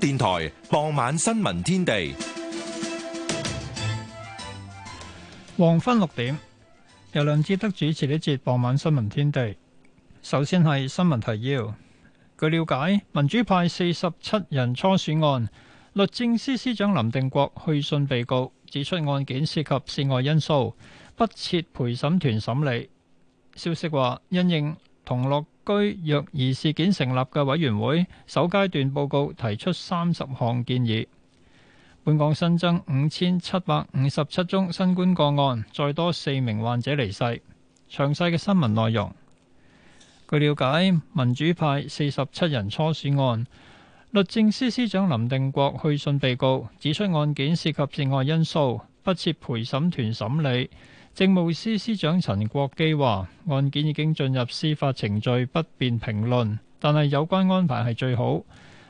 電台傍晚新聞天地，黃昏六點，由梁志德主持呢節傍晚新聞天地。首先係新聞提要。據了解，民主派四十七人初選案，律政司司長林定國去信被告，指出案件涉及涉外因素，不設陪審團審理。消息話，因應同樂。居若儀事件成立嘅委員會首階段報告提出三十項建議。本港新增五千七百五十七宗新冠個案，再多四名患者離世。詳細嘅新聞內容。據了解，民主派四十七人初選案，律政司司司長林定國去信被告，指出案件涉及涉外因素，不設陪審團審理。政務司司長陳國基話：案件已經進入司法程序，不便評論。但係有關安排係最好。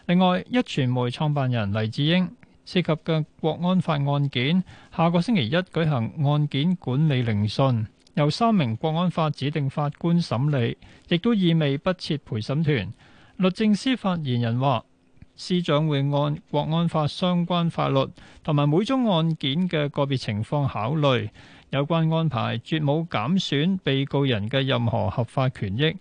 另外，一傳媒創辦人黎智英涉及嘅國安法案件，下個星期一舉行案件管理聆訊，由三名國安法指定法官審理，亦都意味不設陪審團。律政司發言人話：司長會按國安法相關法律同埋每宗案件嘅個別情況考慮。有關安排絕冇減損被告人嘅任何合法權益。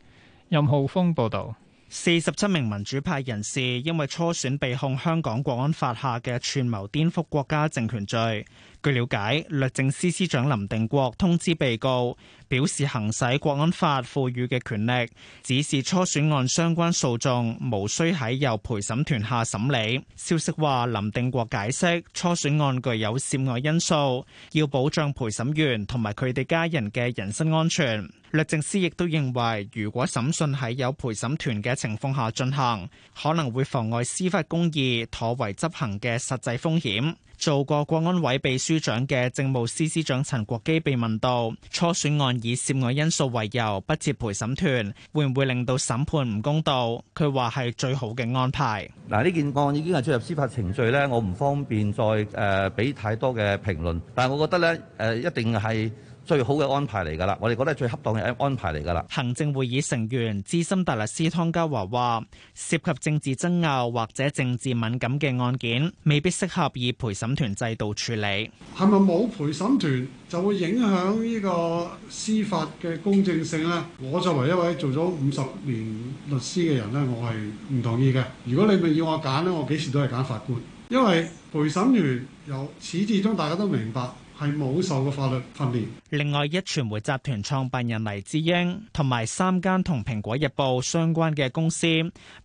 任浩峰報導，四十七名民主派人士因為初選被控香港國安法下嘅串謀顛覆國家政權罪。據了解，律政司司長林定國通知被告，表示行使國安法賦予嘅權力，指示初選案相關訴訟無需喺由陪審團下審理。消息話，林定國解釋，初選案具有涉外因素，要保障陪審員同埋佢哋家人嘅人身安全。律政司亦都認為，如果審訊喺有陪審團嘅情況下進行，可能會妨礙司法公義，妥為執行嘅實際風險。做過國安委祕書長嘅政務司司長陳國基被問到初選案以涉外因素為由不接陪審團，會唔會令到審判唔公道？佢話係最好嘅安排。嗱，呢件案已經係進入司法程序咧，我唔方便再誒俾、呃、太多嘅評論，但係我覺得咧誒、呃、一定係。最好嘅安排嚟㗎喇，我哋覺得係最恰當嘅安排嚟㗎喇。行政會議成員資深大律師湯家驊話，涉及政治爭拗或者政治敏感嘅案件，未必適合以陪審團制度處理。係咪冇陪審團就會影響呢個司法嘅公正性呢？我作為一位做咗五十年律師嘅人呢，我係唔同意嘅。如果你咪要我揀呢，我幾時都係揀法官，因為陪審員由始至終大家都明白。係冇受過法律訓練。另外，一傳媒集團創辦人黎智英同埋三間同《蘋果日報》相關嘅公司，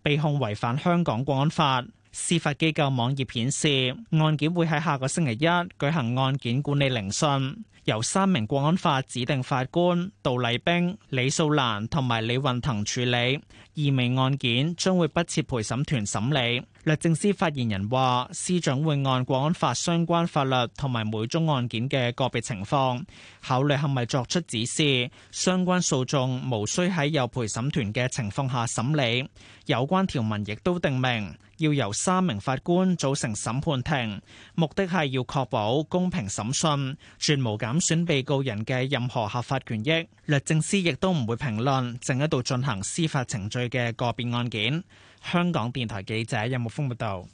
被控違反香港國安法。司法機構網頁顯示，案件會喺下個星期一舉行案件管理聆訊，由三名國安法指定法官杜麗冰、李素蘭同埋李運騰處理。二名案件將會不設陪審團審理。律政司發言人話：司長會按國安法相關法律同埋每宗案件嘅個別情況，考慮係咪作出指示。相關訴訟無需喺有陪審團嘅情況下審理。有關條文亦都定明，要由三名法官組成審判庭，目的係要確保公平審訊，絕無減損被告人嘅任何合法權益。律政司亦都唔會評論正喺度進行司法程序嘅個別案件。香港電台記者任木峰報道，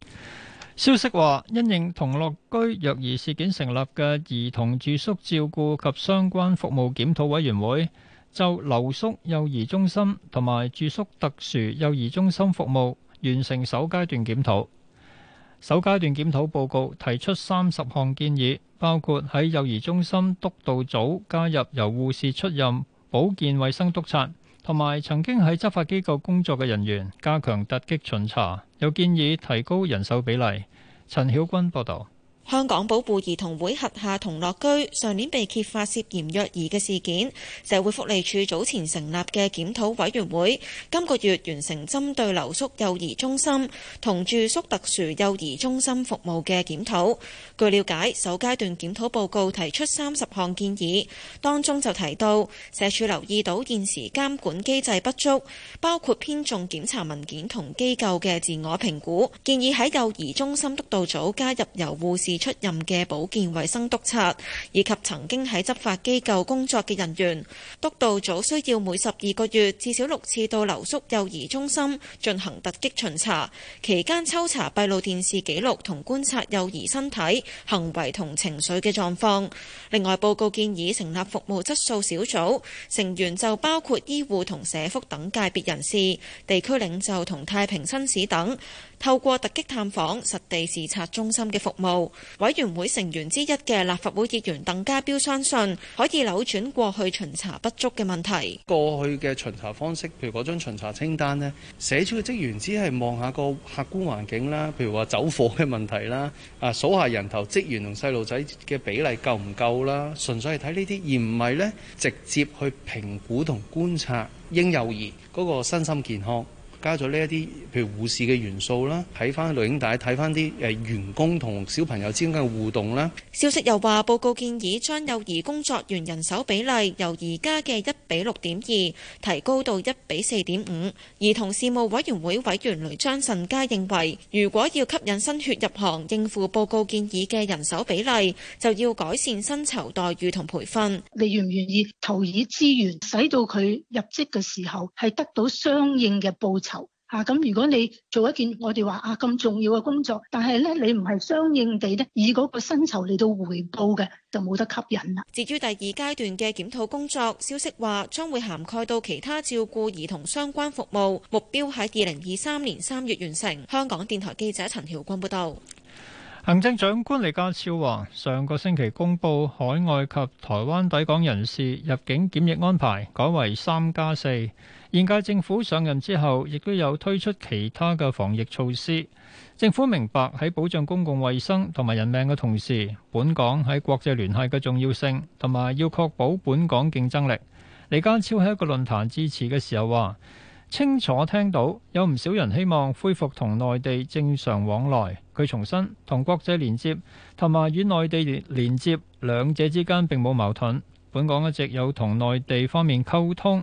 消息話，因應同樂居虐兒事件成立嘅兒童住宿照顧及相關服務檢討委員會，就留宿幼兒中心同埋住宿特殊幼兒中心服務完成首階段檢討。首階段檢討報告提出三十項建議，包括喺幼兒中心督導組加入由護士出任保健衛生督察。同埋曾經喺執法機構工作嘅人員加強突擊巡查，又建議提高人手比例。陳曉君報道。香港保護兒童會轄下童樂居上年被揭發涉嫌虐兒嘅事件，社會福利署早前成立嘅檢討委員會，今個月完成針對留宿幼兒中心同住宿特殊幼兒中心服務嘅檢討。據了解，首階段檢討報告提出三十項建議，當中就提到社署留意到現時監管機制不足，包括偏重檢查文件同機構嘅自我評估，建議喺幼兒中心督導組加入由護士出任嘅保健衛生督察以及曾經喺執法機構工作嘅人員，督導組需要每十二個月至少六次到留宿幼兒中心進行突擊巡查，期間抽查閉路電視記錄同觀察幼兒身體、行為同情緒嘅狀況。另外，報告建議成立服務質素小組，成員就包括醫護同社福等界別人士、地區領袖同太平紳士等。透過突擊探訪、實地視察中心嘅服務，委員會成員之一嘅立法會議員鄧家彪相信可以扭轉過去巡查不足嘅問題。過去嘅巡查方式，譬如嗰張巡查清單咧，寫出嘅職員只係望下個客觀環境啦，譬如話走火嘅問題啦，啊數下人頭職員同細路仔嘅比例夠唔夠啦，純粹係睇呢啲，而唔係咧直接去評估同觀察嬰幼兒嗰個身心健康。加咗呢一啲，譬如護士嘅元素啦，睇翻錄影帶，睇翻啲誒員工同小朋友之間嘅互動啦。消息又話報告建議將幼兒工作員人手比例由而家嘅一比六點二提高到一比四點五。兒童事務委員會委員雷張慎佳認為，如果要吸引新血入行，應付報告建議嘅人手比例，就要改善薪酬待遇同培訓，你願唔願意投以資源，使到佢入職嘅時候係得到相應嘅報酬？啊！咁如果你做一件我哋話啊咁重要嘅工作，但係咧你唔係相應地咧以嗰個薪酬嚟到回報嘅，就冇得吸引啦。至於第二階段嘅檢討工作，消息話將會涵蓋到其他照顧兒童相關服務，目標喺二零二三年三月完成。香港電台記者陳曉君報道。行政長官李家超話，上個星期公布海外及台灣抵港人士入境檢疫安排改為三加四。現屆政府上任之後，亦都有推出其他嘅防疫措施。政府明白喺保障公共衛生同埋人命嘅同時，本港喺國際聯繫嘅重要性，同埋要確保本港競爭力。李家超喺一個論壇致辭嘅時候話：清楚聽到有唔少人希望恢復同內地正常往來。佢重申同國際連接同埋與內地連接兩者之間並冇矛盾。本港一直有同內地方面溝通。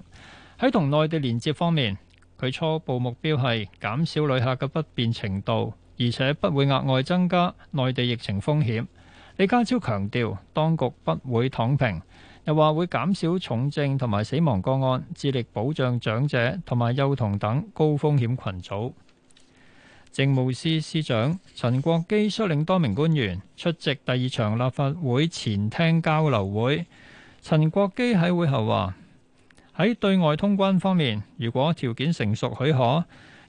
喺同內地連接方面，佢初步目標係減少旅客嘅不便程度，而且不會額外增加內地疫情風險。李家超強調，當局不會躺平，又話會減少重症同埋死亡個案，致力保障長者同埋幼童等高風險群組。政務司司長陳國基率領多名官員出席第二場立法會前廳交流會。陳國基喺會後話：喺對外通關方面，如果條件成熟許可，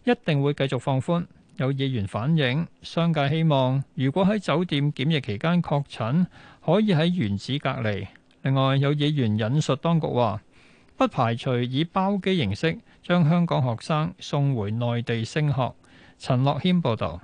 一定會繼續放寬。有議員反映，商界希望如果喺酒店檢疫期間確診，可以喺原址隔離。另外有議員引述當局話，不排除以包機形式將香港學生送回內地升學。陳樂軒報導。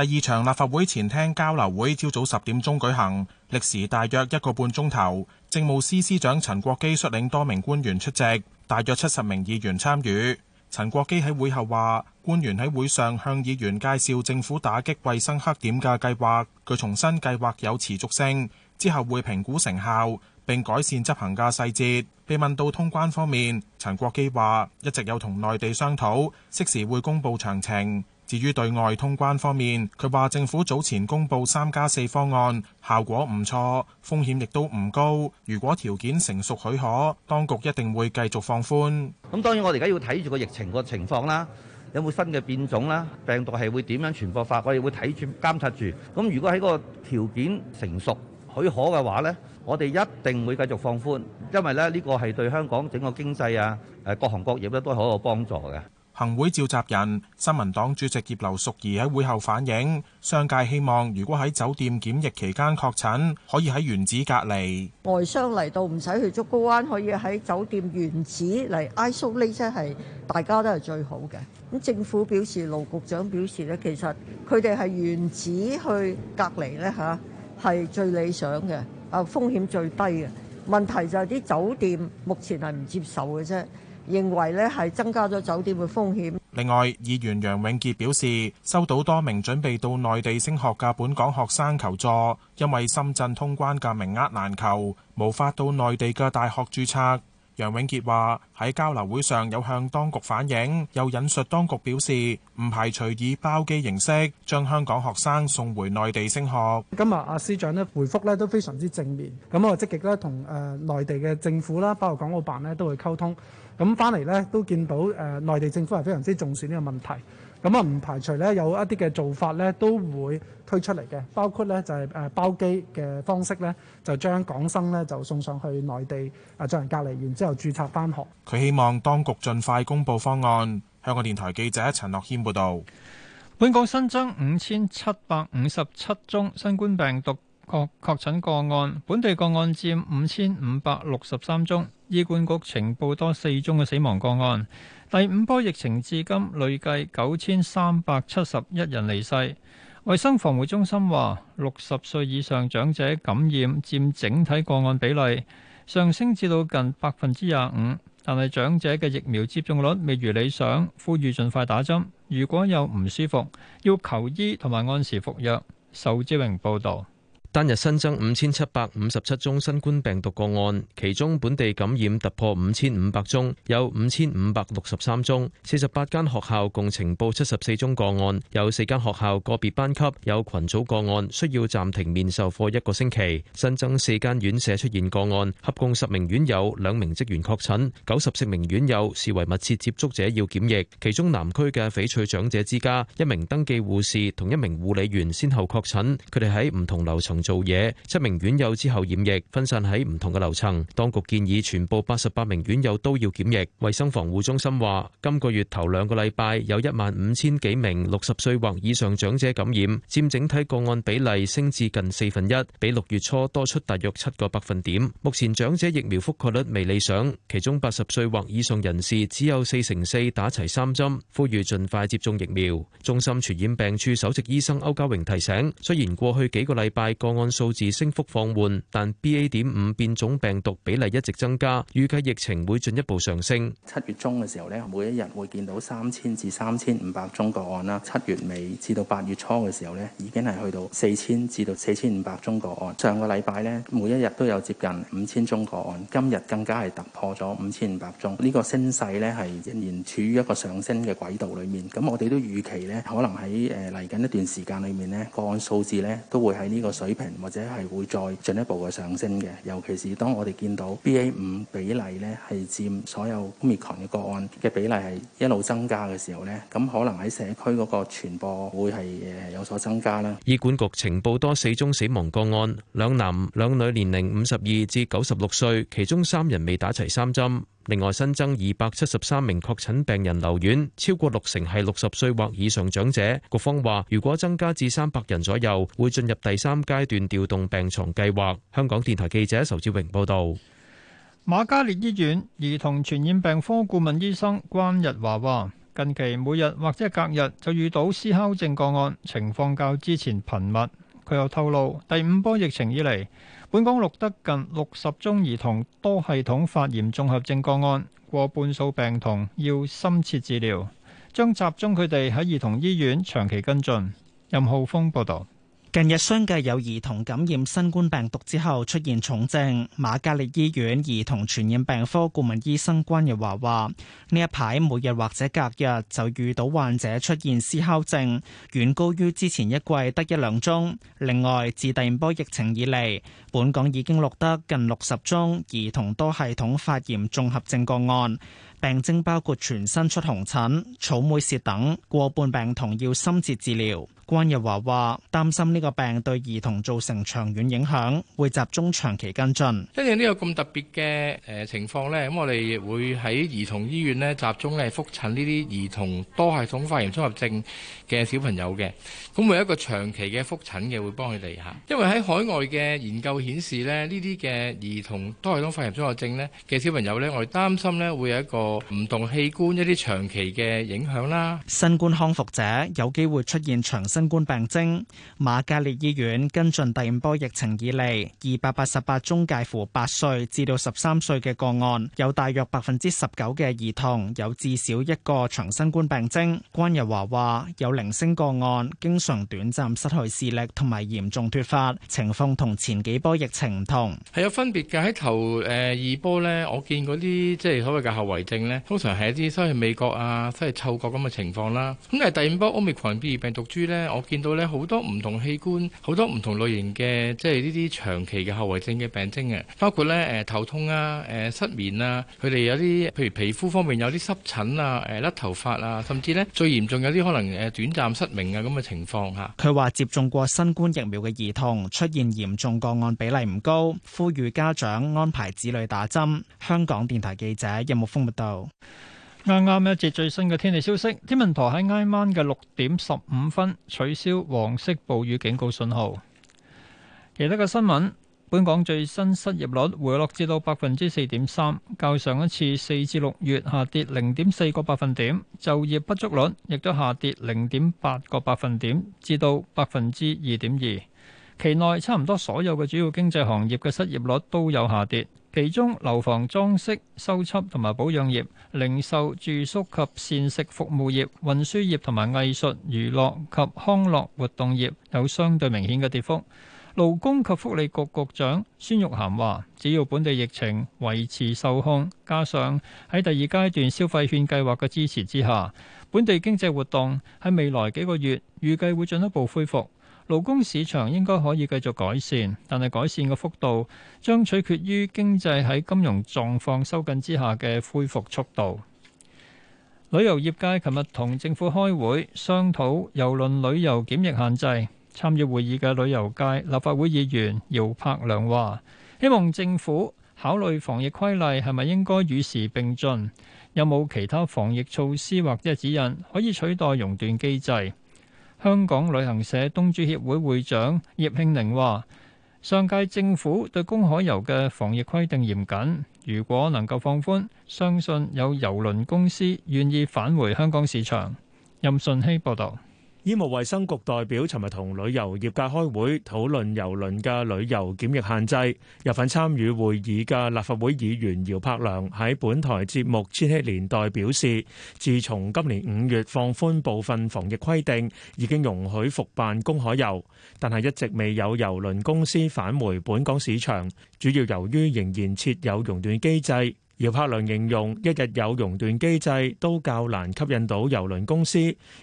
第二場立法會前廳交流會朝早十點鐘舉行，歷時大約一個半鐘頭。政務司司長陳國基率領多名官員出席，大約七十名議員參與。陳國基喺會後話：官員喺會上向議員介紹政府打擊衞生黑點嘅計劃，佢重申計劃有持續性，之後會評估成效並改善執行嘅細節。被問到通關方面，陳國基話一直有同內地商討，適時會公佈詳情。至於對外通關方面，佢話政府早前公布三加四方案，效果唔錯，風險亦都唔高。如果條件成熟許可，當局一定會繼續放寬。咁當然我哋而家要睇住個疫情個情況啦，有冇新嘅變種啦，病毒係會點樣傳播法，我哋會睇住監察住。咁如果喺個條件成熟許可嘅話呢，我哋一定會繼續放寬，因為咧呢個係對香港整個經濟啊，誒各行各業咧都好有幫助嘅。行會召集人、新民黨主席葉劉淑儀喺會後反映，商界希望如果喺酒店檢疫期間確診，可以喺原址隔離。外商嚟到唔使去竹篙灣，可以喺酒店原址嚟 isolate，即係大家都係最好嘅。咁政府表示，盧局長表示咧，其實佢哋係原址去隔離咧嚇，係最理想嘅，啊風險最低嘅。問題就係啲酒店目前係唔接受嘅啫。認為呢係增加咗酒店嘅風險。另外，議員楊永傑表示，收到多名準備到內地升學嘅本港學生求助，因為深圳通關嘅名額難求，無法到內地嘅大學註冊。楊永傑話喺交流會上有向當局反映，又引述當局表示，唔排除以包機形式將香港學生送回內地升學。今日阿司長咧回復咧都非常之正面，咁我積極咧同誒內地嘅政府啦，包括港澳辦咧都會溝通，咁翻嚟咧都見到誒內地政府係非常之重視呢個問題。咁啊，唔、嗯、排除咧有一啲嘅做法咧都會推出嚟嘅，包括咧就係、是、誒包機嘅方式咧，就將港生咧就送上去內地誒進行隔離，完之後註冊返學。佢希望當局盡快公布方案。香港電台記者陳樂軒報導。本港新增五千七百五十七宗新冠病毒確確診個案，本地個案佔五千五百六十三宗，醫管局呈報多四宗嘅死亡個案。第五波疫情至今累計九千三百七十一人離世。衛生防護中心話，六十歲以上長者感染佔整體個案比例上升至到近百分之廿五，但係長者嘅疫苗接種率未如理想，呼籲盡快打針，如果有唔舒服，要求醫同埋按時服藥，仇志榮報道。單日新增五千七百五十七宗新冠病毒個案，其中本地感染突破五千五百宗，有五千五百六十三宗。四十八間學校共呈報七十四宗個案，有四間學校個別班級有群組個案，需要暫停面授課一個星期。新增四間院舍出現個案，合共十名院友、兩名職員確診，九十四名院友視為密切接觸者要檢疫。其中南區嘅翡翠長者之家，一名登記護士同一名護理員先後確診，佢哋喺唔同樓層做嘢，七名院友之後染疫，分散喺唔同嘅樓層。當局建議全部八十八名院友都要檢疫。衞生防護中心話，今個月頭兩個禮拜有一萬五千幾名六十歲或以上長者感染，佔整體個案比例升至近四分一，比六月初多出大約七個百分點。目前長者疫苗覆蓋率未理想，其中八十歲或以上人士只有四成四打齊三針。呼籲盡快接種疫苗。中心傳染病處首席醫生歐家榮提醒，雖然過去幾個禮拜各個案數字升幅放緩，但 BA 點五變種病毒比例一直增加，預計疫情會進一步上升。七月中嘅時候咧，每一日會見到三千至三千五百宗個案啦；七月尾至到八月初嘅時候咧，已經係去到四千至到四千五百宗個案。上個禮拜咧，每一日都有接近五千宗個案，今日更加係突破咗五千五百宗。呢個升勢咧係仍然處於一個上升嘅軌道裏面。咁我哋都預期咧，可能喺誒嚟緊一段時間裏面咧，個案數字咧都會喺呢個水平。或者係會再進一步嘅上升嘅，尤其是當我哋見到 BA 五比例咧係佔所有 Omicron 嘅個案嘅比例係一路增加嘅時候呢，咁可能喺社區嗰個傳播會係誒有所增加啦。醫管局呈報多四宗死亡個案，兩男兩女，年齡五十二至九十六歲，其中三人未打齊三針。另外新增二百七十三名確診病人留院，超過六成係六十歲或以上長者。局方話，如果增加至三百人左右，會進入第三階段調動病床計劃。香港電台記者仇志榮報導。瑪嘉烈醫院兒童傳染病科顧問醫生關日華話：近期每日或者隔日就遇到思考症個案，情況較之前頻密。佢又透露，第五波疫情以嚟。本港錄得近六十宗兒童多系統發炎綜合症個案，過半數病童要深切治療，將集中佢哋喺兒童醫院長期跟進。任浩峰報導。近日相繼有兒童感染新冠病毒之後出現重症，瑪嘉烈醫院兒童傳染病科顧問醫生關日華話：呢一排每日或者隔日就遇到患者出現思考症，遠高於之前一季得一兩宗。另外，自第二波疫情以嚟，本港已經錄得近六十宗兒童多系統發炎綜合症個案。病徵包括全身出紅疹、草莓舌等，過半病童要深切治療。關日華話：擔心呢個病對兒童造成長遠影響，會集中長期跟進。因為呢個咁特別嘅誒情況呢。咁我哋會喺兒童醫院咧集中嚟復診呢啲兒童多系統發炎綜合症嘅小朋友嘅。咁會有一個長期嘅復診嘅，會幫佢哋吓。因為喺海外嘅研究顯示咧，呢啲嘅兒童多系統發炎綜合症咧嘅小朋友呢，我哋擔心咧會有一個。唔同器官一啲長期嘅影響啦。新冠康復者有機會出現長新冠病徵。瑪嘉烈醫院跟進第五波疫情以嚟，二百八十八宗介乎八歲至到十三歲嘅個案，有大約百分之十九嘅兒童有至少一個長新冠病徵。關日華話：有零星個案經常短暫失去視力同埋嚴重脱發，情況同前幾波疫情唔同。係有分別嘅喺頭誒二波呢，我見嗰啲即係所謂嘅後遺症。通常係一啲失去味覺啊，失去嗅覺咁嘅情況啦。咁係第五波奧密克戎變異病毒株呢，我見到呢好多唔同器官，好多唔同類型嘅即係呢啲長期嘅後遺症嘅病徵嘅啊，包括呢誒頭痛啊、誒失眠啊，佢哋有啲譬如皮膚方面有啲濕疹啊、誒甩頭髮啊，甚至呢最嚴重有啲可能誒短暫失明啊咁嘅情況嚇。佢話接種過新冠疫苗嘅兒童出現嚴重個案比例唔高，呼籲家長安排子女打針。香港電台記者任木豐麥啱啱一節最新嘅天氣消息，天文台喺挨晚嘅六點十五分取消黃色暴雨警告信號。其他嘅新聞，本港最新失業率回落至到百分之四點三，較上一次四至六月下跌零點四個百分點，就業不足率亦都下跌零點八個百分點至到百分之二點二。期內差唔多所有嘅主要經濟行業嘅失業率都有下跌。其中，樓房裝飾修葺同埋保養業、零售、住宿及膳食服務業、運輸業同埋藝術、娛樂及康樂活動業有相對明顯嘅跌幅。勞工及福利局局長孫玉菡話，只要本地疫情維持受控，加上喺第二階段消費券計劃嘅支持之下，本地經濟活動喺未來幾個月預計會進一步恢復。勞工市場應該可以繼續改善，但係改善嘅幅度將取決於經濟喺金融狀況收緊之下嘅恢復速度。旅遊業界琴日同政府開會商討郵輪旅遊檢疫限制。參與會議嘅旅遊界立法會議員姚柏良話，希望政府考慮防疫規例係咪應該與時並進，有冇其他防疫措施或者指引可以取代熔斷機制。香港旅行社東主協會會長葉慶寧話，上屆政府對公海遊嘅防疫規定嚴謹，如果能夠放寬，相信有郵輪公司願意返回香港市場。任順希報道。醫務衛生局代表尋日同旅遊業界開會討論郵輪嘅旅遊檢疫限制。有份參與會議嘅立法會議員姚柏良喺本台節目《千禧年代》表示，自從今年五月放寬部分防疫規定，已經容許復辦公海遊，但係一直未有郵輪公司返回本港市場，主要由於仍然設有熔斷機制。姚柏良形容一日有熔斷機制都較難吸引到郵輪公司，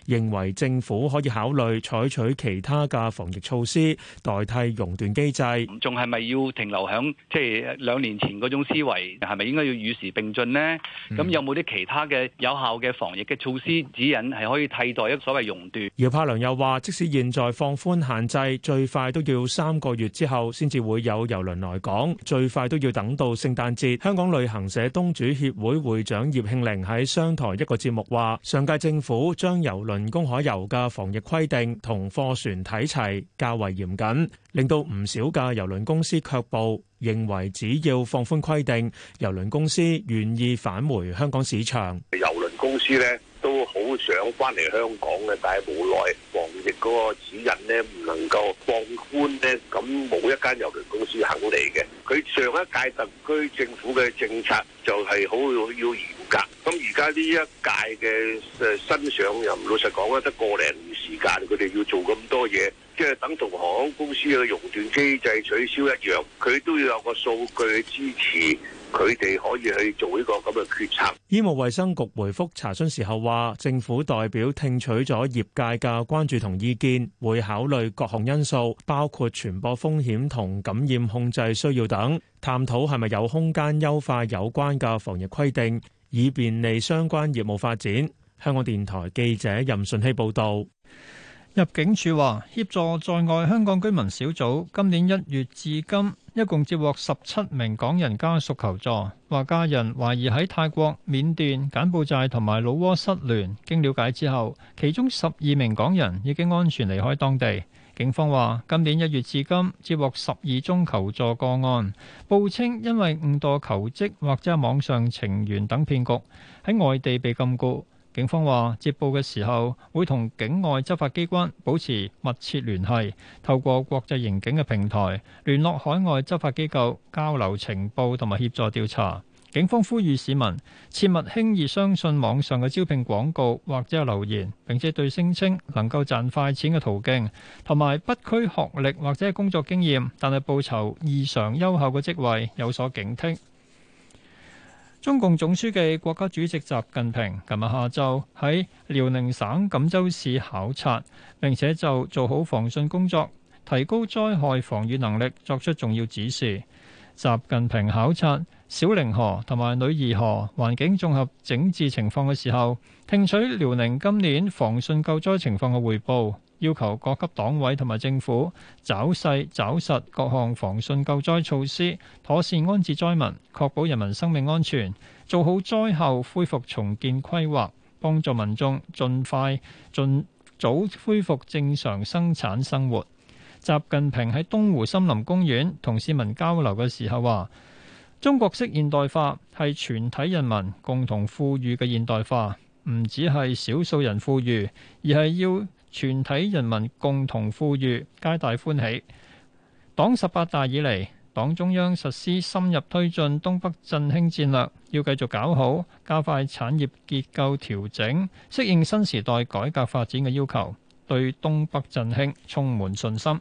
認為政府可以考慮採取其他嘅防疫措施代替熔斷機制。仲係咪要停留喺即係兩年前嗰種思維？係咪應該要與時並進呢？咁有冇啲其他嘅有效嘅防疫嘅措施指引係可以替代一所謂熔斷？姚柏良又話：即使現在放寬限制，最快都要三個月之後先至會有郵輪來港，最快都要等到聖誕節。香港旅行社。東主協會會長葉慶玲喺商台一個節目話，上屆政府將郵輪公海遊嘅防疫規定同貨船睇齊，較為嚴謹，令到唔少嘅郵輪公司卻步，認為只要放寬規定，郵輪公司願意返回香港市場。郵輪公司咧，都好想翻嚟香港嘅，但係無奈防疫嗰個指引咧，唔能夠放寬咧，咁冇一間郵輪公司肯嚟嘅。佢上一屆特區政府嘅政策就係好要咁而家呢一屆嘅新上任，老實講咧，得個零年時間，佢哋要做咁多嘢，即係等同航空公司嘅熔斷機制取消一樣，佢都要有個數據支持，佢哋可以去做呢個咁嘅決策。醫務衛生局回覆查詢時候話，政府代表聽取咗業界嘅關注同意見，會考慮各項因素，包括傳播風險同感染控制需要等，探討係咪有空間優化有關嘅防疫規定。以便利相關業務發展。香港電台記者任順希報導，入境處話協助在外香港居民小組今年一月至今，一共接獲十七名港人家屬求助，話家人懷疑喺泰國、緬甸、柬埔寨同埋老撾失聯。經了解之後，其中十二名港人已經安全離開當地。警方話：今年一月至今，接獲十二宗求助個案，報稱因為誤墮求職或者係網上情緣等騙局，喺外地被禁錮。警方話：接報嘅時候，會同境外執法機關保持密切聯繫，透過國際刑警嘅平台聯絡海外執法機構，交流情報同埋協助調查。警方呼籲市民切勿輕易相信網上嘅招聘廣告或者係留言，並且對聲稱能夠賺快錢嘅途徑同埋不拘學歷或者係工作經驗但係報酬異常優厚嘅職位有所警惕。中共總書記、國家主席習近平琴日下晝喺遼寧省錦州市考察，並且就做好防汛工作、提高災害防禦能力作出重要指示。習近平考察小凌河同埋女兒河環境綜合整治情況嘅時候，聽取遼寧今年防汛救災情況嘅匯報，要求各級黨委同埋政府抓細抓實各項防汛救災措施，妥善安置災民，確保人民生命安全，做好災後恢復重建規劃，幫助民眾盡快盡早恢復正常生產生活。習近平喺東湖森林公園同市民交流嘅時候話：中國式現代化係全體人民共同富裕嘅現代化，唔只係少數人富裕，而係要全體人民共同富裕，皆大歡喜。黨十八大以嚟，黨中央實施深入推進東北振興戰略，要繼續搞好，加快產業結構調整，適應新時代改革發展嘅要求，對東北振興充滿信心。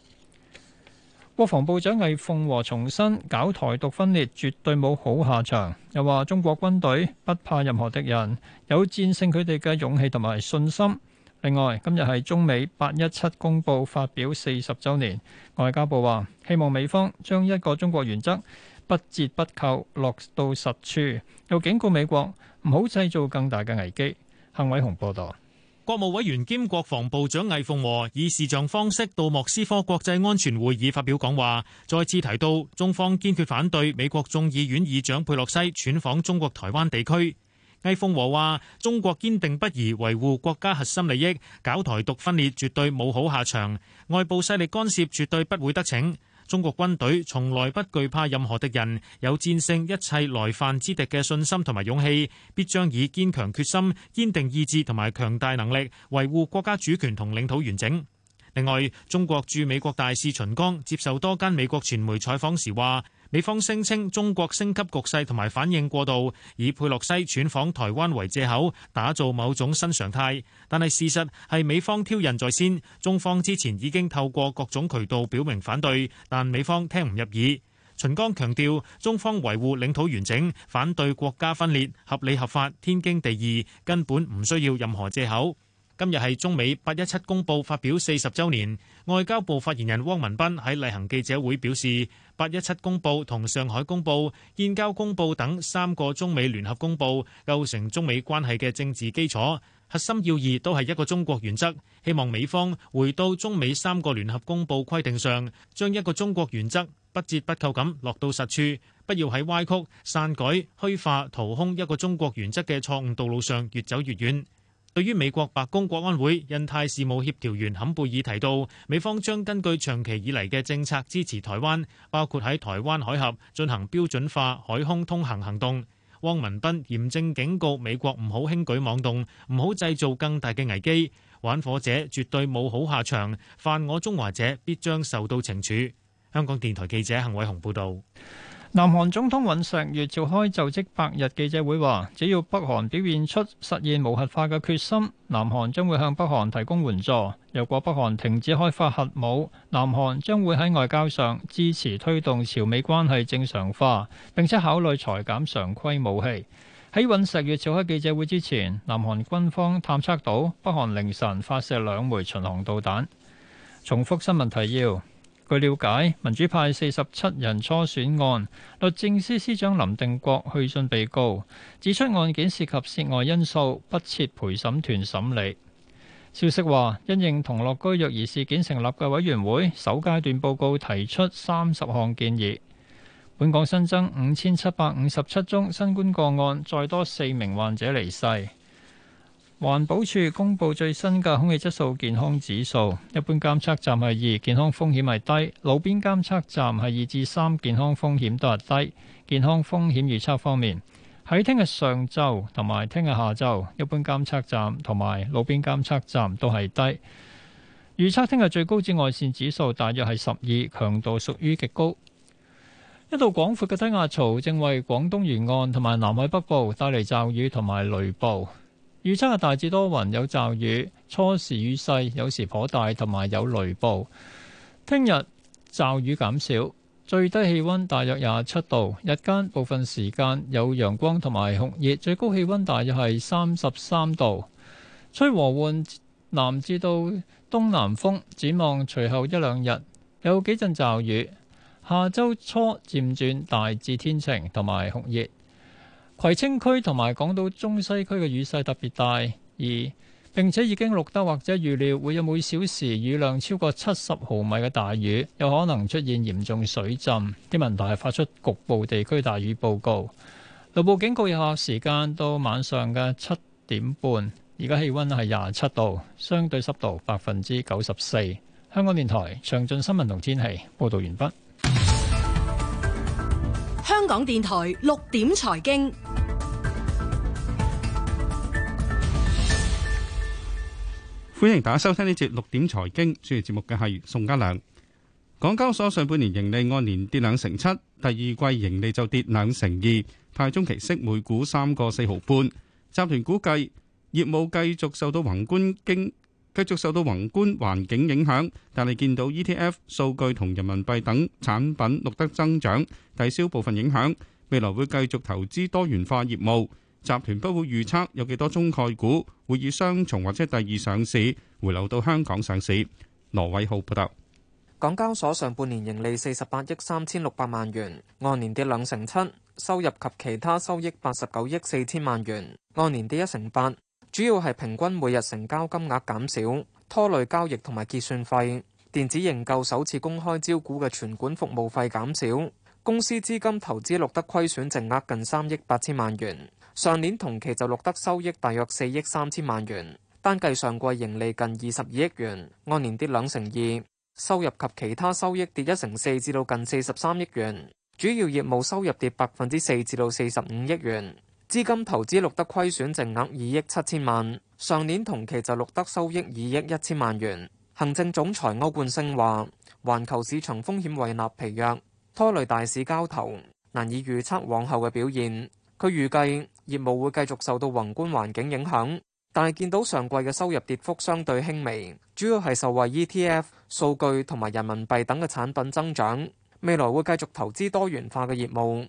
國防部長魏鳳和重申，搞台獨分裂絕對冇好下場。又話中國軍隊不怕任何敵人，有戰勝佢哋嘅勇氣同埋信心。另外，今日係中美八一七公報發表四十周年，外交部話，希望美方將一個中國原則不折不扣落到實處。又警告美國唔好製造更大嘅危機。幸偉雄報道。國務委員兼國防部長魏鳳和以視像方式到莫斯科國際安全會議發表講話，再次提到中方堅決反對美國眾議院議長佩洛西竄訪中國台灣地區。魏鳳和話：中國堅定不移維護國家核心利益，搞台獨分裂絕對冇好下場，外部勢力干涉絕對不會得逞。中國軍隊從來不懼怕任何敵人，有戰勝一切來犯之敵嘅信心同埋勇氣，必將以堅強決心、堅定意志同埋強大能力維護國家主權同領土完整。另外，中國駐美國大使秦剛接受多間美國傳媒採訪時話。美方聲稱中國升級局勢同埋反應過度，以佩洛西竄訪台灣為借口，打造某種新常態。但係事實係美方挑釁在先，中方之前已經透過各種渠道表明反對，但美方聽唔入耳。秦剛強調，中方維護領土完整，反對國家分裂，合理合法，天經地義，根本唔需要任何借口。今日係中美八一七公佈發表四十週年，外交部發言人汪文斌喺例行記者會表示，八一七公佈同上海公佈、建交公佈等三個中美聯合公佈構成中美關係嘅政治基礎，核心要義都係一個中國原則。希望美方回到中美三個聯合公佈規定上，將一個中國原則不折不扣咁落到實處，不要喺歪曲、篡改、虛化、掏空一個中國原則嘅錯誤道路上越走越遠。對於美國白宮國安會印太事務協調員坎貝爾提到，美方將根據長期以來嘅政策支持台灣，包括喺台灣海峽進行標準化海空通行行動。汪文斌嚴正警告美國唔好輕舉妄動，唔好製造更大嘅危機，玩火者絕對冇好下場，犯我中華者必將受到懲處。香港電台記者幸偉雄報道。南韓總統尹錫悅召開就職百日記者會，話只要北韓表現出實現無核化嘅決心，南韓將會向北韓提供援助。如果北韓停止開發核武，南韓將會喺外交上支持推動朝美關係正常化，並且考慮裁減常規武器。喺尹錫悅召開記者會之前，南韓軍方探測到北韓凌晨發射兩枚巡航導彈。重複新聞提要。據了解，民主派四十七人初選案，律政司司長林定國去信被告，指出案件涉及涉外因素，不設陪審團審理。消息話，因應同樂居虐兒事件成立嘅委員會首階段報告提出三十項建議。本港新增五千七百五十七宗新冠個案，再多四名患者離世。環保署公布最新嘅空氣質素健康指數，一般監測站係二，健康風險係低；路邊監測站係二至三，健康風險都係低。健康風險預測方面，喺聽日上晝同埋聽日下晝，一般監測站同埋路邊監測站都係低。預測聽日最高紫外線指數大約係十二，強度屬於極高。一道廣闊嘅低壓槽正為廣東沿岸同埋南海北部帶嚟驟雨同埋雷暴。預測大致多雲有驟雨，初時雨勢有時頗大，同埋有雷暴。聽日驟雨減少，最低氣温大約廿七度，日間部分時間有陽光同埋酷熱，最高氣温大約係三十三度，吹和緩南至到東南風。展望隨後一兩日有幾陣驟雨，下周初漸轉大致天晴同埋酷熱。葵青區同埋港島中西區嘅雨勢特別大，而並且已經錄得或者預料會有每小時雨量超過七十毫米嘅大雨，有可能出現嚴重水浸。天文台係發出局部地區大雨報告，局部警告有效時間到晚上嘅七點半。而家氣温係廿七度，相對濕度百分之九十四。香港電台詳盡新聞同天氣報導完畢。香港電台六點財經，歡迎大家收聽呢節六點財經。主持節目嘅係宋家良。港交所上半年盈利按年跌兩成七，第二季盈利就跌兩成二，派中期息每股三個四毫半。集團估計業務繼續受到宏觀經。繼續受到宏觀環境影響，但係見到 ETF、數據同人民幣等產品錄得增長，抵消部分影響。未來會繼續投資多元化業務。集團不會預測有幾多中概股會以雙重或者第二上市回流到香港上市。羅偉浩報道。港交所上半年盈利四十八億三千六百萬元，按年跌兩成七。收入及其他收益八十九億四千萬元，按年跌一成八。主要係平均每日成交金額減少，拖累交易同埋結算費。電子認購首次公開招股嘅存款服務費減少，公司資金投資錄得虧損淨額近三億八千萬元，上年同期就錄得收益大約四億三千萬元，單計上季盈利近二十二億元，按年跌兩成二，收入及其他收益跌一成四，至到近四十三億元，主要業務收入跌百分之四，至到四十五億元。資金投資錄得虧損淨額二億七千萬，上年同期就錄得收益二億一千萬元。行政總裁歐冠昇話：環球市場風險胃納疲弱，拖累大市交投，難以預測往後嘅表現。佢預計業務會繼續受到宏觀環境影響，但係見到上季嘅收入跌幅相對輕微，主要係受惠 ETF 數據同埋人民幣等嘅產品增長。未來會繼續投資多元化嘅業務。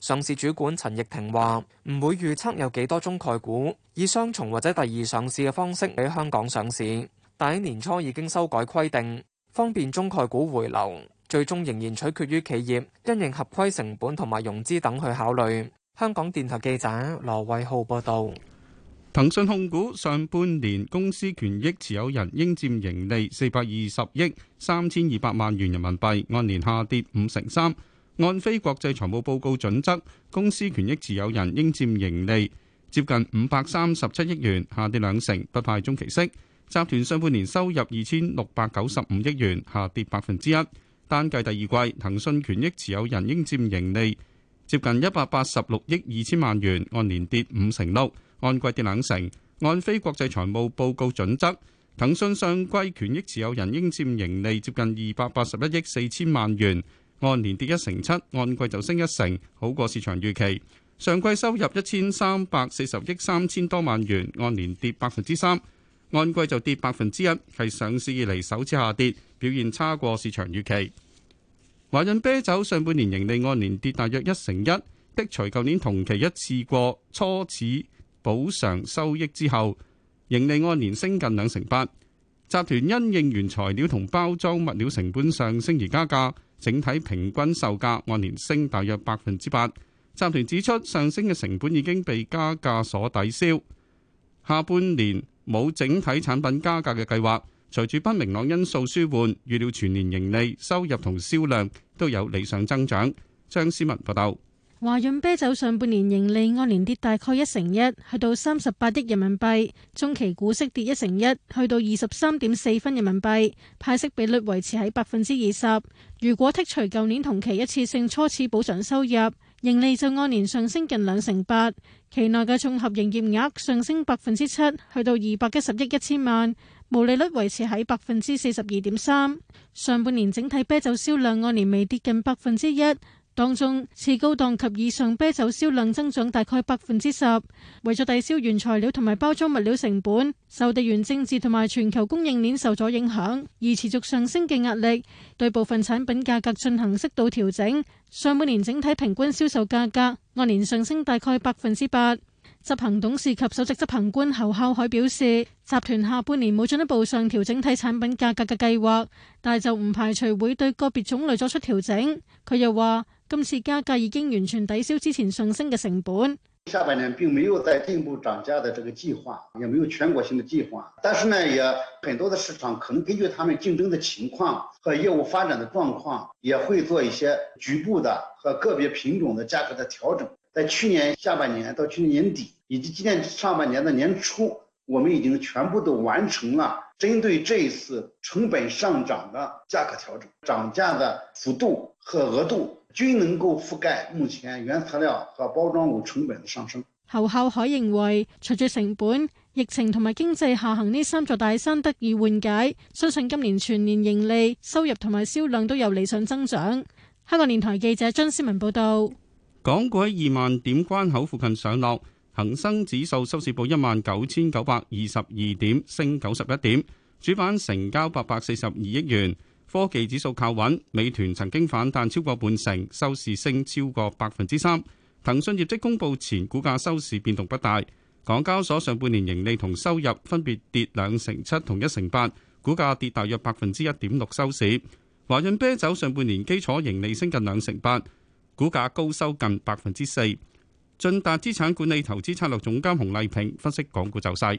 上市主管陳奕婷話：唔會預測有幾多中概股以雙重或者第二上市嘅方式喺香港上市。但喺年初已經修改規定，方便中概股回流。最終仍然取決於企業因應合規成本同埋融資等去考慮。香港電台記者羅偉浩報道。騰訊控股上半年公司權益持有人應佔盈利四百二十億三千二百萬元人民幣，按年下跌五成三。按非國際財務報告準則，公司權益持有人應佔盈利接近五百三十七億元，下跌兩成，不派中期息。集團上半年收入二千六百九十五億元，下跌百分之一。單計第二季，騰訊權益持有人應佔盈利接近一百八十六億二千萬元，按年跌五成六，按季跌兩成。按非國際財務報告準則，騰訊上季權益持有人應佔盈利接近二百八十一億四千萬元。按年跌一成七，按季就升一成，好過市場預期。上季收入一千三百四十億三千多萬元，按年跌百分之三，按季就跌百分之一，係上市以嚟首次下跌，表現差過市場預期。華潤啤酒上半年盈利按年跌大約一成一，剔除舊年同期一次過初始補償收益之後，盈利按年升近兩成八。集團因應原材料同包裝物料成本上升而加價。整體平均售價按年升大約百分之八。集團指出，上升嘅成本已經被加價所抵消。下半年冇整體產品加價嘅計劃，隨住不明朗因素舒緩，預料全年盈利、收入同銷量都有理想增長。張思文報道。華潤啤酒上半年盈利按年跌大概一成一，去到三十八億人民幣；中期股息跌一成一，去到二十三點四分人民幣；派息比率維持喺百分之二十。如果剔除舊年同期一次性初次補償收入，盈利就按年上升近兩成八。期內嘅綜合營業額上升百分之七，去到二百一十億一千萬；毛利率維持喺百分之四十二點三。上半年整體啤酒銷量按年微跌近百分之一。當中次高檔及以上啤酒銷量增長大概百分之十，為咗抵消原材料同埋包裝物料成本，受地緣政治同埋全球供應鏈受咗影響而持續上升嘅壓力，對部分產品價格進行適度調整。上半年整體平均銷售價格按年上升大概百分之八。執行董事及首席執行官侯孝海表示，集團下半年冇進一步上調整體產品價格嘅計劃，但就唔排除會對個別種類作出調整。佢又話：今次加價已經完全抵消之前上升的成本。下半年並沒有再進一步漲價的這個計劃，也沒有全國性的計劃。但是呢，也很多的市場可能根據他們競爭的情況和業務發展的狀況，也會做一些局部的和個別品種的價格的調整。在去年下半年到去年年底，以及今年上半年的年初，我們已經全部都完成了針對這一次成本上漲的價格調整，漲價的幅度和額度，均能夠覆蓋目前原材料和包裝物成本嘅上升。侯孝海認為，隨住成本、疫情同埋經濟下行呢三座大山得以緩解，相信今年全年盈利、收入同埋銷量都有理想增長。香港電台記者張思文報道。港股喺二萬點關口附近上落，恒生指數收市報一萬九千九百二十二點，升九十一點，主板成交八百四十二億元。科技指數靠穩，美團曾經反彈超過半成，收市升超過百分之三。騰訊業績公布前，股價收市變動不大。港交所上半年盈利同收入分別跌兩成七同一成八，股價跌大約百分之一點六收市。華潤啤酒上半年基礎盈利升近兩成八，股價高收近百分之四。進達資產管理投資策略總監洪麗萍分析港股走勢。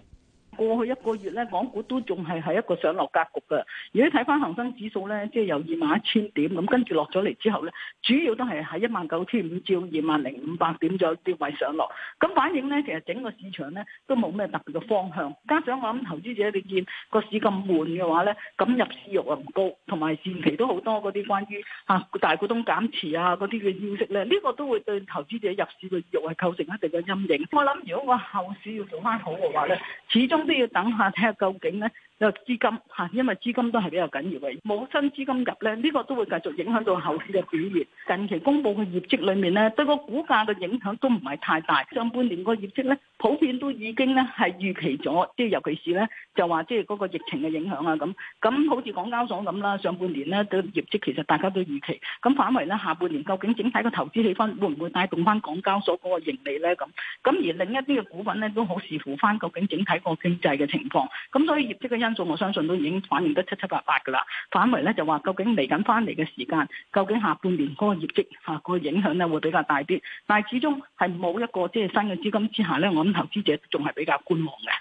過去一個月咧，港股都仲係喺一個上落格局㗎。如果睇翻恒生指數咧，即係由二萬一千點咁，跟住落咗嚟之後咧，主要都係喺一萬九千五至二萬零五百點左右啲位上落。咁反映咧，其實整個市場咧都冇咩特別嘅方向。加上我諗投資者，你見個市咁悶嘅話咧，咁入市慾啊唔高，同埋前期都好多嗰啲關於啊大股東減持啊嗰啲嘅消息咧，呢個都會對投資者入市嘅慾係構成一定嘅陰影。我諗如果話後市要做翻好嘅話咧，始終。都要等下睇下究竟咧。有資金嚇，因為資金都係比較緊要嘅，冇新資金入咧，呢個都會繼續影響到後市嘅表現。近期公布嘅業績裏面咧，對個股價嘅影響都唔係太大。上半年個業績咧，普遍都已經咧係預期咗，即係尤其是咧就話即係嗰個疫情嘅影響啊咁。咁好似港交所咁啦，上半年咧對業績其實大家都預期。咁反為咧下半年，究竟整體個投資氣氛會唔會帶動翻港交所嗰個盈利咧？咁咁而另一啲嘅股份咧都好視乎翻究竟整體個經濟嘅情況。咁所以業績嘅因我相信都已經反映得七七八八噶啦，反為咧就話究竟嚟緊翻嚟嘅時間，究竟下半年嗰個業績吓個影響咧會比較大啲，但係始終係冇一個即係新嘅資金之下呢，我諗投資者仲係比較觀望嘅。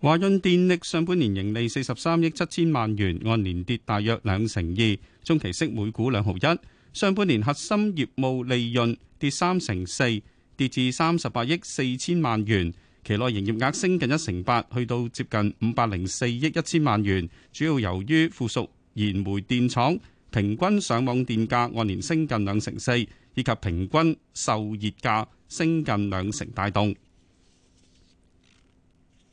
華潤電力上半年盈利四十三億七千萬元，按年跌大約兩成二，中期息每股兩毫一。上半年核心業務利潤跌三成四，跌至三十八億四千萬元。期內營業額升近一成八，去到接近五百零四億一千萬元，主要由於附屬燃煤電廠平均上網電價按年升近兩成四，以及平均售熱價升近兩成帶動。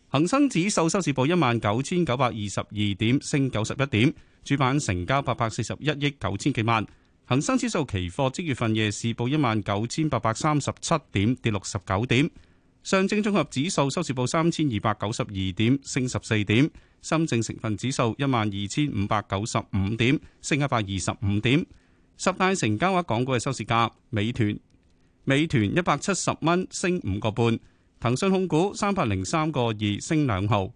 恒生指數收市報一萬九千九百二十二點，升九十一點，主板成交八百四十一億九千幾萬。恒生指數期貨即月份夜市報一萬九千八百三十七點，跌六十九點。上證綜合指數收市報三千二百九十二點，升十四點。深證成分指數一萬二千五百九十五點，升一百二十五點。十大成交額港股嘅收市價：美團，美團一百七十蚊，升五個半；騰訊控股三百零三個二，升兩毫；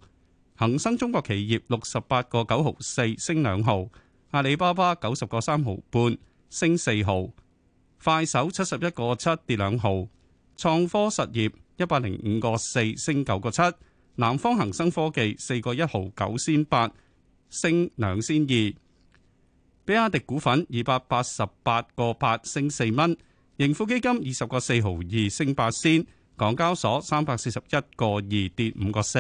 恒生中國企業六十八個九毫四，升兩毫；阿里巴巴九十個三毫半，升四毫；快手七十一個七，跌兩毫。創科實業一百零五個四升九個七，南方恒生科技四個一毫九仙八升兩仙二，比亞迪股份二百八十八個八升四蚊，盈富基金二十個四毫二升八仙，港交所三百四十一個二跌五個四。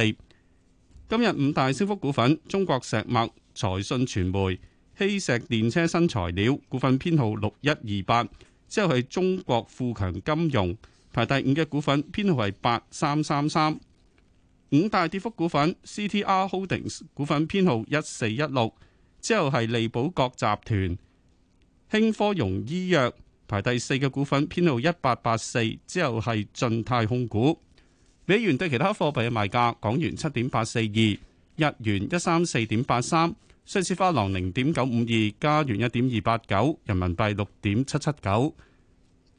今日五大升幅股份：中國石墨、財訊傳媒、希石電車新材料股份編號六一二八，之後係中國富強金融。排第五嘅股份編號係八三三三，五大跌幅股份 CTR Holdings 股份編號一四一六，之後係利寶國集團、興科融醫藥排第四嘅股份編號一八八四，之後係晉泰控股。美元對其他貨幣嘅賣價：港元七點八四二，日元一三四點八三，瑞士法郎零點九五二，加元一點二八九，人民幣六點七七九。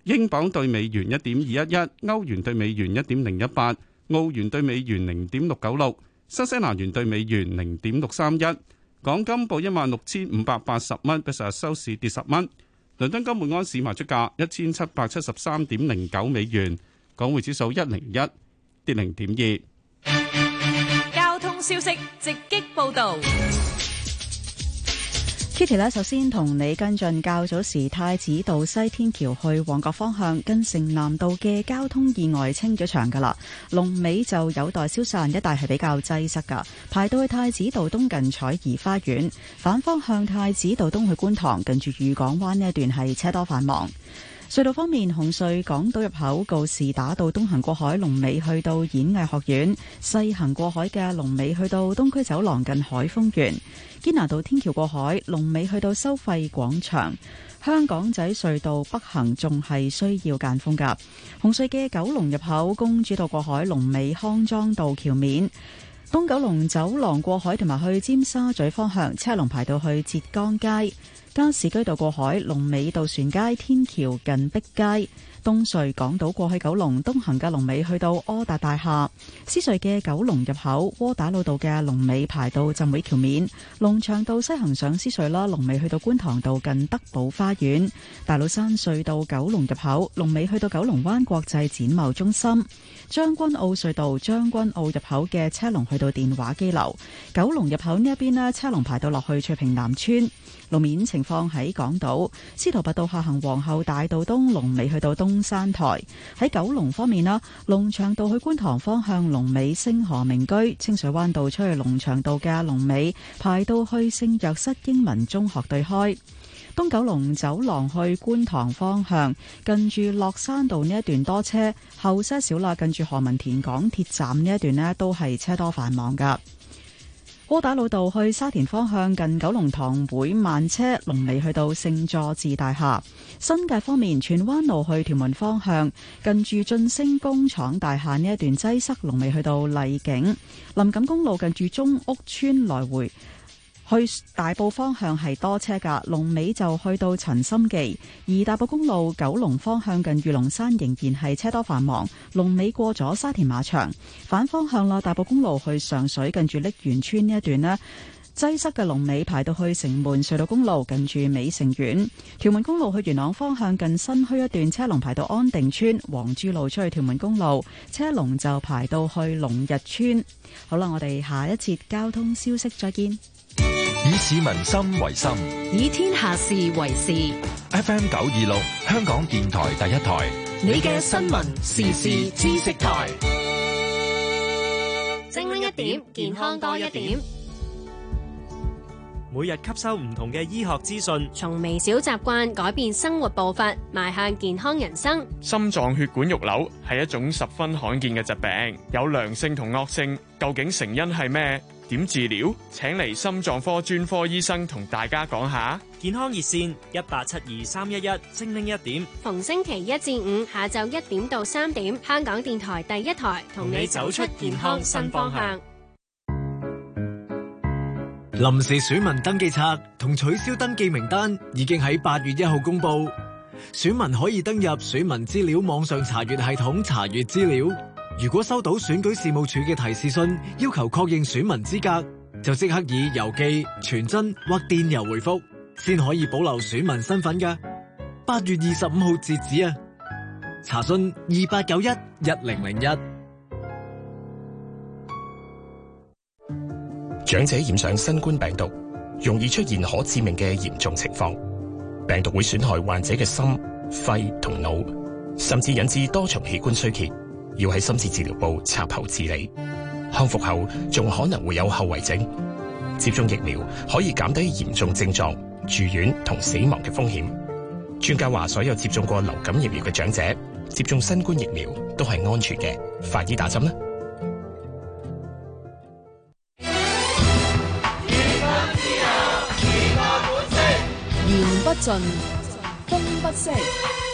英鎊兌美元一點二一一，歐元兌美元一點零一八，澳元兌美元零點六九六，新西蘭元兌美元零點六三一。港金報一萬六千五百八十蚊，比實日收市跌十蚊。倫敦金每安士賣出價一千七百七十三點零九美元，港匯指數一零一，跌零點二。交通消息直擊報道。Kitty 咧，首先同你跟進較早時太子道西天橋去旺角方向，跟城南道嘅交通意外清咗場噶啦，龍尾就有待消散，一帶係比較擠塞噶，排到去太子道東近彩怡花園，反方向太子道東去觀塘，近住御港灣呢一段係車多繁忙。隧道方面，紅隧港島入口告士打道東行過海，龍尾去到演藝學院；西行過海嘅龍尾去到東區走廊近海豐園。堅拿道天橋過海，龍尾去到收費廣場；香港仔隧道北行仲係需要間風格。紅隧嘅九龍入口，公主道過海，龍尾康莊道橋面；東九龍走廊過海同埋去尖沙咀方向，車龍排到去浙江街；加士居道過海，龍尾渡船街天橋近碧街。東隧港島過去九龍東行嘅龍尾去到柯達大廈，獅隧嘅九龍入口窩打老道嘅龍尾排到浸會橋面，龍翔道西行上獅隧啦，龍尾去到觀塘道近德寶花園，大老山隧道九龍入口龍尾去到九龍灣國際展貿中心，將軍澳隧道將軍澳入口嘅車龍去到電話機樓，九龍入口呢一邊咧車龍排到落去翠屏南村。路面情況喺港島，司徒拔道下行皇后大道東龍尾去到東山台；喺九龍方面啦，龍翔道去觀塘方向龍尾星河明居，清水灣道出去龍翔道嘅龍尾排到去聖約瑟英文中學對開，東九龍走廊去觀塘方向，近住落山道呢一段多車，後些少啦，近住何文田港鐵站呢一段呢，都係車多繁忙㗎。波打老道去沙田方向，近九龍塘會慢車，龍尾去到聖座寺大廈。新界方面，荃灣路去屯門方向，近住晉升工廠大廈呢一段擠塞，龍尾去到荔景，林錦公路，近住中屋村來回。去大埔方向係多車噶，龍尾就去到陳心記。而大埔公路九龍方向近御龍山仍然係車多繁忙，龍尾過咗沙田馬場反方向啦。大埔公路去上水近住瀝源村呢一段啦。擠塞嘅龍尾排到去城門隧道公路近住美城苑。屯門公路去元朗方向近新墟一段車龍排到安定村黃珠路，出去屯門公路車龍就排到去龍日村。好啦，我哋下一節交通消息再見。以市民心為心，以天下事為事。FM 九二六，香港電台第一台。你嘅新聞時事知識台，精靈一點，健康多一點。每日吸收唔同嘅醫學資訊，從微小習慣改變生活步伐，邁向健康人生。心臟血管肉瘤係一種十分罕見嘅疾病，有良性同惡性，究竟成因係咩？點治療？請嚟心臟科專科醫生同大家講下。健康熱線一八七二三一一，精靈一點，逢星期一至五下晝一點到三點，香港電台第一台，同你走出健康新方向。臨時選民登記冊同取消登記名單已經喺八月一號公布，選民可以登入選民資料網上查閱系統查閱資料。如果收到選舉事務處嘅提示信，要求確認選民資格，就即刻以郵寄、傳真或電郵回覆，先可以保留選民身份㗎。八月二十五號截止啊！查詢二八九一一零零一。長者染上新冠病毒，容易出現可致命嘅嚴重情況，病毒會損害患者嘅心、肺同腦，甚至引致多重器官衰竭。要喺深切治療部插喉治理，康復後仲可能會有後遺症。接種疫苗可以減低嚴重症狀、住院同死亡嘅風險。專家話，所有接種過流感疫苗嘅長者接種新冠疫苗都係安全嘅。快啲打針啦！自自言不盡，風不息。